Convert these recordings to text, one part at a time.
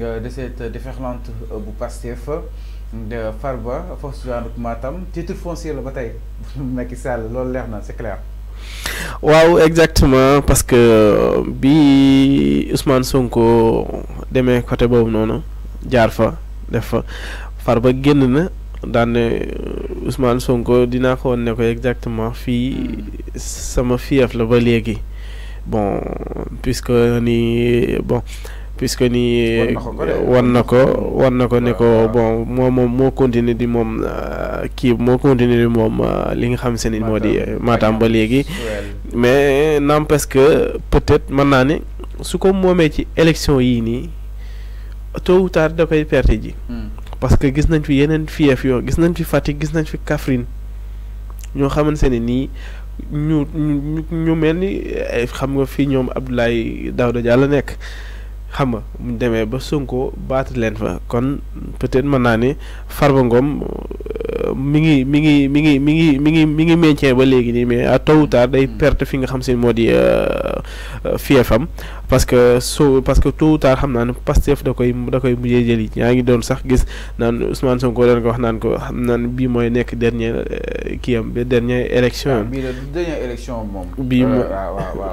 Euh, de cette déferlante euh, bu Pastef de Farba force gendarme Matam titre foncier la bataille mais Macky Sall l'air c'est clair. waouh exactement parce que euh, bi Ousmane Sonko demain, côté boobu non, jaar fa def Farba Guinne, na Ousmane Sonko Dina, on woon exactement fi, ça me la ba léegi bon puisque ni bon. puisque nii wan na ko wan na ko ne ko bon moo moom moo continuer di moom euh, kii moo continuer di moom euh, li nga xam se ni di euh, Matam ba léegi mais n'empêche que peut-être mën naa ne su ko moomee ci élection yii nii tôt ou ji hmm. parce que gis nañ fi yeneen fief gis nañ fi Fatick gis nañ fi Kaffrine ñoo xamante ne nii ñu ñu mel ni eh, xam nga fii ñoom Abdoulaye Daouda Diallo nekk xam nga mu demee ba Sonko baat leen fa kon peut-être mën naa ne Farba Ngom euh, mi ngi mi ngi mi ngi mi ngi mi ngi mi ngi maintien ba léegi nii mais à tôt ou tard day hmm. perte fi nga xam seen moo di euh, euh, fiefam parce que so parce que tout tard xam naa ne pastef da koy da koy mujjee jëli yaa ngi doon sax gis naan Ousmane Sonko doon ko wax naan ko xam naan bii mooy nekk dernier euh, kii am bi dernier élection ah, bii la dernière élection moom bii mo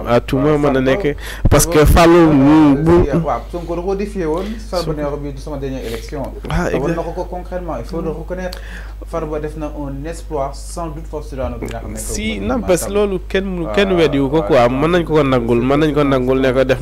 à tout moment mën na nekk parce que Fallou bu waaw Sonko da ko défié woon Farba ne ko bii du sama dernier élection ah exact na ko ko concrètement il faut le reconnaître Farba def na un espoir sans doute force de la si non parce que loolu kenn kenn weddiwu ko quoi mën nañ ko ko nangul mën nañ ko nangul ne ko def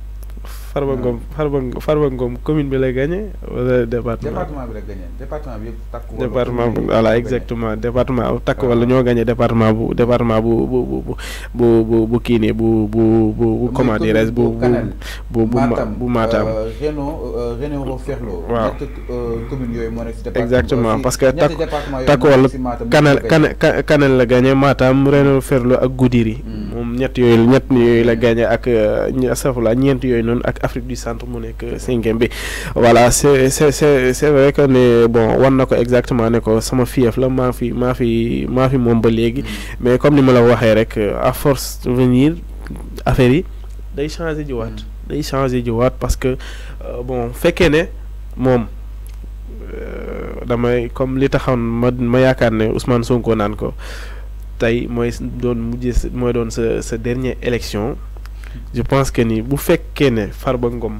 Farba Ngom Farba Farba Ngom commune bi la gagné département bi yëpp takku. département bu voilà exactement département takk ah. wala ñoo gagné département bu département bu bu bu bu bu bu kii nii bu bu bu bu comment dirais bu bu bu bu bu Matam. Réno Réno Ferlo. exactement parce que takk takk wala kanal kanal kanal la gagné Matam Réno Ferlo ak Goudiri. Hmm. ñett yooyu ñett la gagné ak euh, safula ñeent yooyu noonu ak Afrique du centre mu nekk cinquième bi voilà c' est c' est c' est vrai que ne bon wan na ko exactement ne ko sama fief la maa fi maa fi maa fi moom ba léegi mais comme ni ma la waxee rek euh, à force venir affaire yi day changé jiwaat day changé jiwaat parce que euh, bon fekkee ne moom damay comme li taxaw ma ma yaakaar ne Ousmane Sonko naan ko tay moy don mujj moy don ce ce dernière élection je pense que ni bu fekkee ne Farba Ngom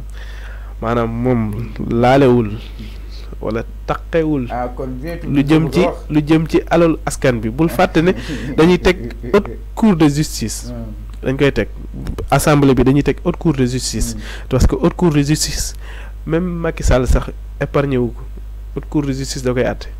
manam mom laalewul wala taqewul ah, lu jëm ci lu jëm ci alalu askan bi bul fàtte ne dañuy teg haute cour de justice hmm. dañ koy tek assemblée bi dañuy tek haute cour de justice hmm. parce que haute cour de justice même Macky Sall sax épargné wu ko haute cour de justice da koy àtte